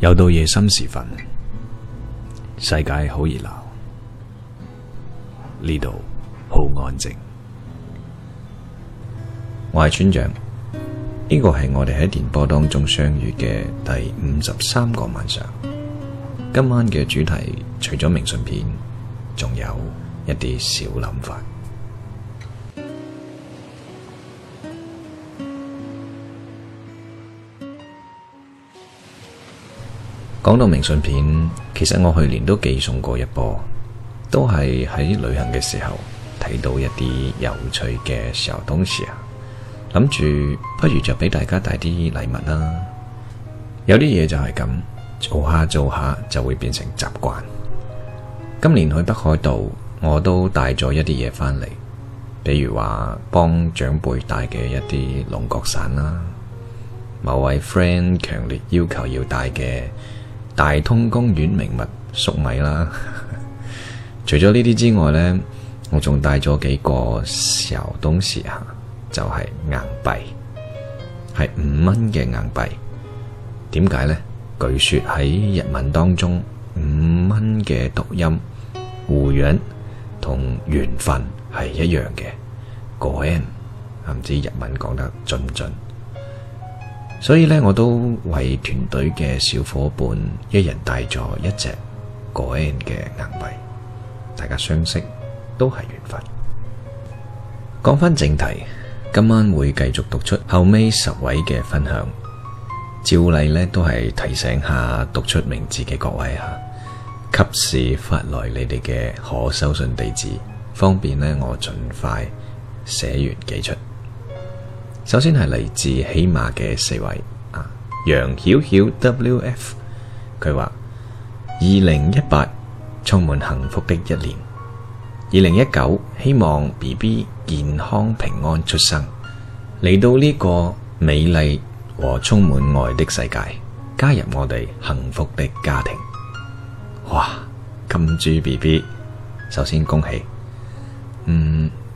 又到夜深時分，世界好熱鬧，呢度好安靜。我係村長，呢個係我哋喺電波當中相遇嘅第五十三個晚上。今晚嘅主題除咗明信片，仲有一啲小諗法。講到明信片，其實我去年都寄送過一波，都係喺旅行嘅時候睇到一啲有趣嘅小東西，當時啊諗住不如就俾大家帶啲禮物啦。有啲嘢就係咁做下做下就會變成習慣。今年去北海道，我都帶咗一啲嘢翻嚟，比如話幫長輩帶嘅一啲龍角散啦，某位 friend 強烈要求要帶嘅。大通公園名物粟米啦， 除咗呢啲之外咧，我仲帶咗幾個小東西啊，就係、是、硬幣，係五蚊嘅硬幣。點解咧？據說喺日文當中，五蚊嘅讀音胡諫同緣分係一樣嘅。個 n 唔知日文講得準唔準？所以呢，我都為團隊嘅小伙伴一人帶咗一隻個 N 嘅硬幣，大家相識都係緣分。講翻正題，今晚會繼續讀出後尾十位嘅分享。照例呢，都係提醒下讀出名字嘅各位吓，及時發來你哋嘅可收信地址，方便呢，我盡快寫完寄出。首先係嚟自喜馬嘅四位啊，楊曉曉 WF，佢話：二零一八充滿幸福的一年，二零一九希望 BB 健康平安出生，嚟到呢個美麗和充滿愛的世界，加入我哋幸福的家庭。哇，金豬 BB，首先恭喜，嗯。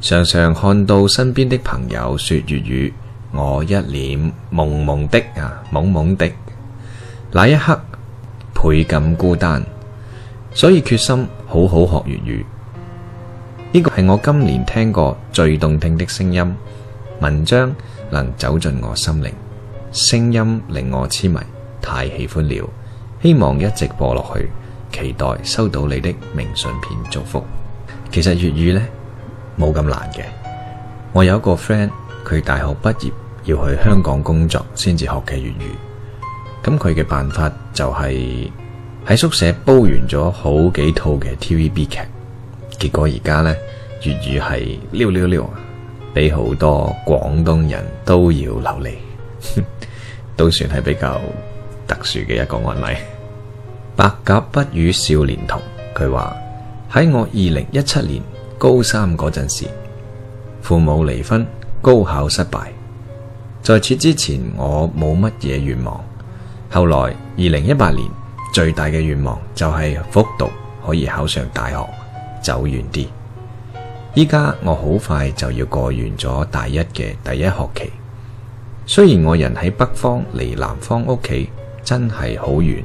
常常看到身邊的朋友說粵語，我一臉懵懵的啊，懵懵的。那一刻倍感孤單，所以決心好好學粵語。呢個係我今年聽過最動聽的聲音，文章能走進我心靈，聲音令我痴迷，太喜歡了。希望一直播落去，期待收到你的明信片祝福。其實粵語呢。冇咁難嘅。我有一個 friend，佢大學畢業要去香港工作先至學嘅粵語。咁佢嘅辦法就係、是、喺宿舍煲完咗好幾套嘅 TVB 劇，結果而家呢，粵語係溜溜溜，比好多廣東人都要流利， 都算係比較特殊嘅一個案例。白鴿不與少年同，佢話喺我二零一七年。高三嗰陣時，父母離婚，高考失敗。在此之前，我冇乜嘢願望。後來二零一八年最大嘅願望就係復讀，可以考上大學，走遠啲。依家我好快就要過完咗大一嘅第一學期。雖然我人喺北方，離南方屋企真係好遠。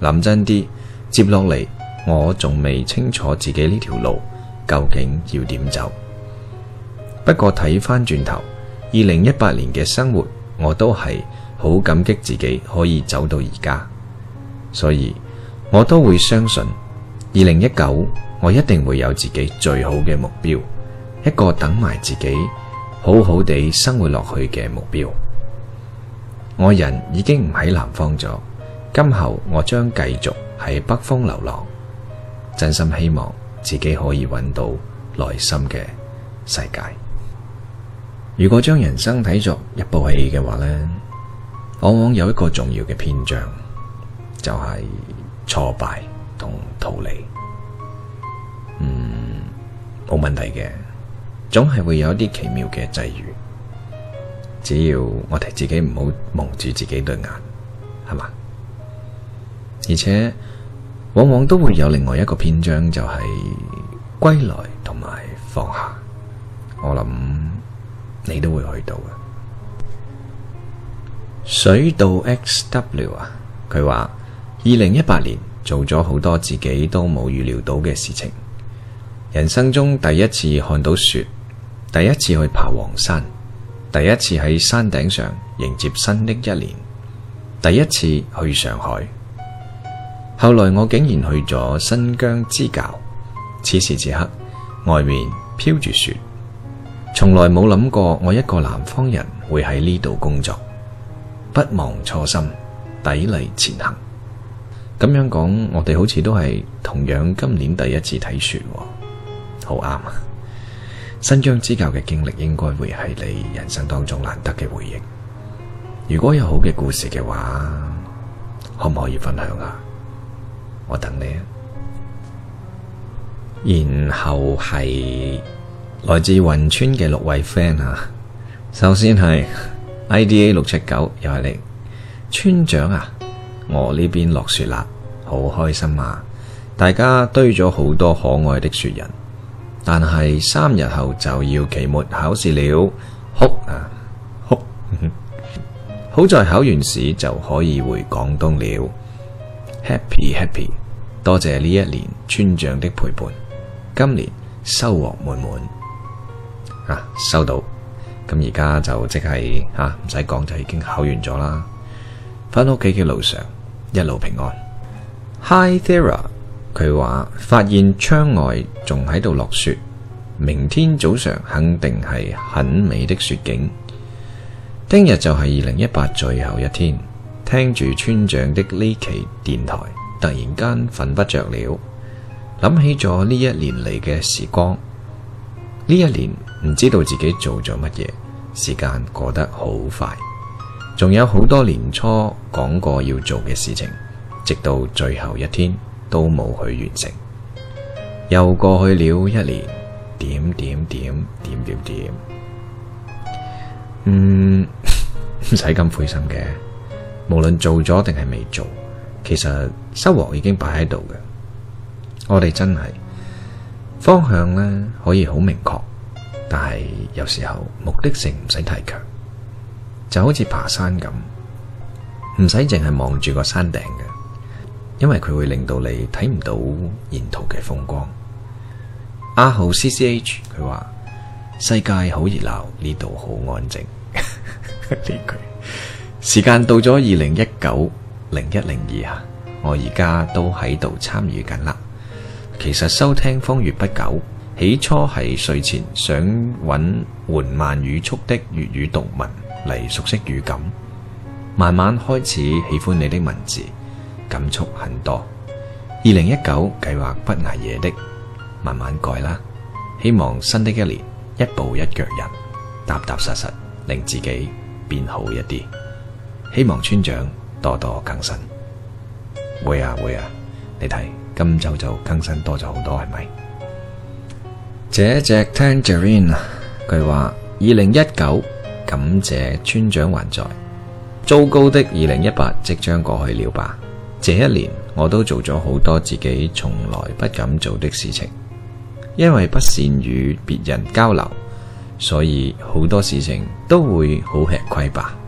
諗真啲，接落嚟我仲未清楚自己呢條路。究竟要點走？不過睇翻轉頭，二零一八年嘅生活，我都係好感激自己可以走到而家，所以我都會相信二零一九，2019，我一定會有自己最好嘅目標，一個等埋自己好好地生活落去嘅目標。我人已經唔喺南方咗，今後我將繼續喺北方流浪，真心希望。自己可以揾到內心嘅世界。如果將人生睇作一部戲嘅話咧，往往有一個重要嘅篇章就係挫敗同逃離。嗯，冇問題嘅，總係會有一啲奇妙嘅際遇。只要我哋自己唔好蒙住自己對眼，係嘛？而且。往往都會有另外一個篇章，就是，就係歸來同埋放下。我諗你都會去到嘅。水稻 XW 啊，佢話二零一八年做咗好多自己都冇預料到嘅事情。人生中第一次看到雪，第一次去爬黃山，第一次喺山頂上迎接新的一年，第一次去上海。後來我竟然去咗新疆支教，此時此刻外面飄住雪，從來冇諗過我一個南方人會喺呢度工作。不忘初心，砥礪前行。咁樣講，我哋好似都係同樣今年第一次睇雪，好啱啊！新疆支教嘅經歷應該會係你人生當中難得嘅回憶。如果有好嘅故事嘅話，可唔可以分享啊？我等你啊！然後係來自雲村嘅六位 friend 啊，首先係 IDA 六七九，又係你，村長啊，我呢邊落雪啦，好開心啊！大家堆咗好多可愛的雪人，但係三日後就要期末考試了，哭啊哭！ 好在考完試就可以回廣東了。Happy Happy，多謝呢一年村長的陪伴，今年收穫滿滿啊。收到，咁而家就即係吓唔使講就已經考完咗啦。翻屋企嘅路上一路平安。Hi Thera，佢話發現窗外仲喺度落雪，明天早上肯定係很美的雪景。聽日就係二零一八最後一天。聽住村長的呢期電台，突然間瞓不着了，諗起咗呢一年嚟嘅時光。呢一年唔知道自己做咗乜嘢，時間過得好快，仲有好多年初講過要做嘅事情，直到最後一天都冇去完成。又過去了一年，點點點點點點，點，點，嗯，唔使咁灰心嘅。無論做咗定係未做，其實收穫已經擺喺度嘅。我哋真係方向咧可以好明確，但係有時候目的性唔使太強，就好似爬山咁，唔使淨係望住個山頂嘅，因為佢會令到你睇唔到沿途嘅風光。阿浩 CCH 佢話世界好熱鬧，呢度好安靜。呢句。時間到咗二零一九零一零二啊！我而家都喺度參與緊啦。其實收聽《瘋粵》不久，起初係睡前想揾緩慢語速的粵語讀文嚟熟悉語感，慢慢開始喜歡你的文字，感觸很多。二零一九計劃不捱夜的，慢慢改啦。希望新的一年一步一腳印，踏踏實實令自己變好一啲。希望村長多多更新，會啊會啊！你睇今周就更新多咗好多，係咪？這隻 Tangerine 佢話：二零一九，感謝村長還在。糟糕的二零一八即將過去了吧？這一年我都做咗好多自己從來不敢做的事情，因為不善與別人交流，所以好多事情都會好吃虧吧。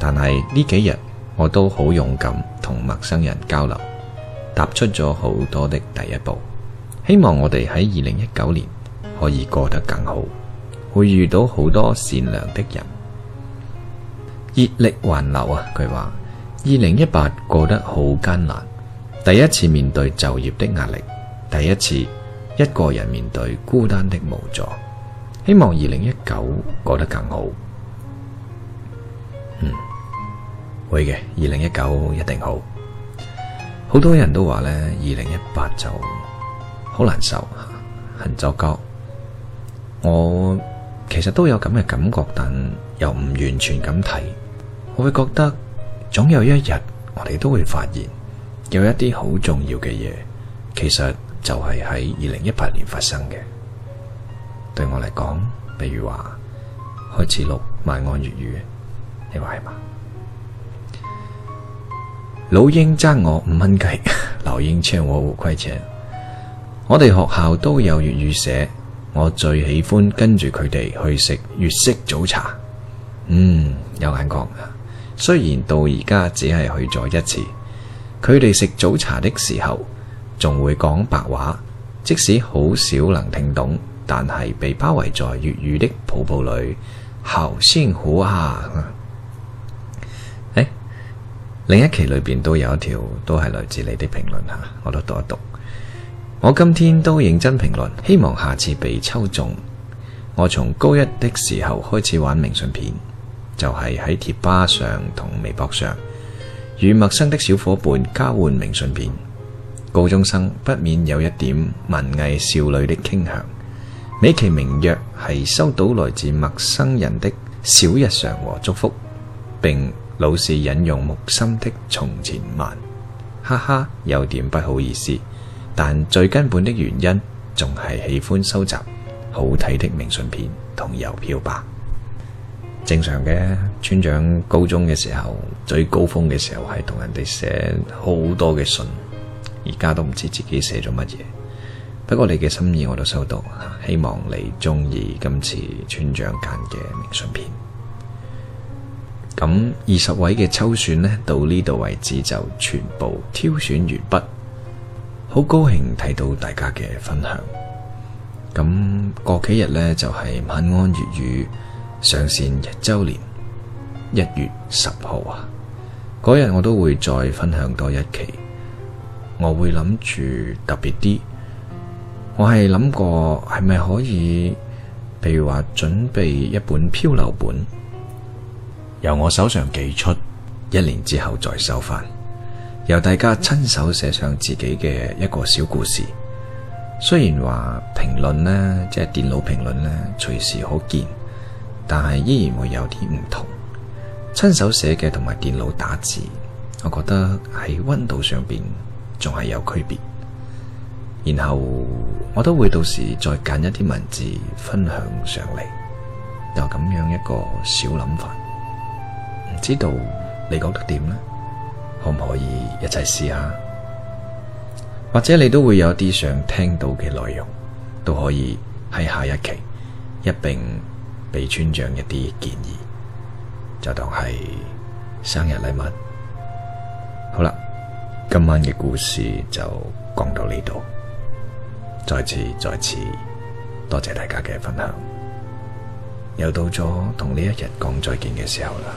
但係呢幾日，我都好勇敢同陌生人交流，踏出咗好多的第一步。希望我哋喺二零一九年可以過得更好，會遇到好多善良的人。熱力環流啊！佢話二零一八過得好艱難，第一次面對就業的壓力，第一次一個人面對孤單的無助。希望二零一九過得更好。會嘅，二零一九一定好。好多人都話咧，二零一八就好難受，很糟糕。我其實都有咁嘅感覺，但又唔完全咁睇。我會覺得總有一日我哋都會發現，有一啲好重要嘅嘢，其實就係喺二零一八年發生嘅。對我嚟講，譬如話開始錄晚安粵語，你話係嘛？老鷹爭我五蚊雞，老鷹搶我五塊錢。我哋學校都有粵語社，我最喜歡跟住佢哋去食粵式早茶。嗯，有眼光啊！雖然到而家只係去咗一次，佢哋食早茶的時候仲會講白話，即使好少能聽懂，但係被包圍在粵語的泡泡裏，好幸福啊！另一期裏邊都有一條，都係來自你的評論吓，我都讀一讀。我今天都認真評論，希望下次被抽中。我從高一的時候開始玩明信片，就係喺貼吧上同微博上與陌生的小夥伴交換明信片。高中生不免有一點文藝少女的傾向，美其名曰係收到來自陌生人的小日常和祝福，並。老是引用木心的從前慢，哈哈，有點不好意思，但最根本的原因仲係喜歡收集好睇的明信片同郵票吧。正常嘅，村長高中嘅時候最高峰嘅時候係同人哋寫好多嘅信，而家都唔知自己寫咗乜嘢。不過你嘅心意我都收到，希望你中意今次村長揀嘅明信片。咁二十位嘅抽選呢，到呢度為止就全部挑選完畢。好高興睇到大家嘅分享。咁過幾日呢，就係、是、晚安粵語上線一周年日，一月十號啊！嗰日我都會再分享多一期。我會諗住特別啲。我係諗過係咪可以，譬如話準備一本漂流本。由我手上寄出，一年之後再收翻。由大家親手寫上自己嘅一個小故事。雖然話評論呢，即係電腦評論呢，隨時可見，但係依然會有啲唔同。親手寫嘅同埋電腦打字，我覺得喺溫度上邊仲係有區別。然後我都會到時再揀一啲文字分享上嚟，就咁樣一個小諗法。知道你覺得點呢？可唔可以一齊試下？或者你都會有啲想聽到嘅內容，都可以喺下一期一並俾村長一啲建議，就當係生日禮物。好啦，今晚嘅故事就講到呢度。再次再次多謝大家嘅分享，又到咗同呢一日講再見嘅時候啦。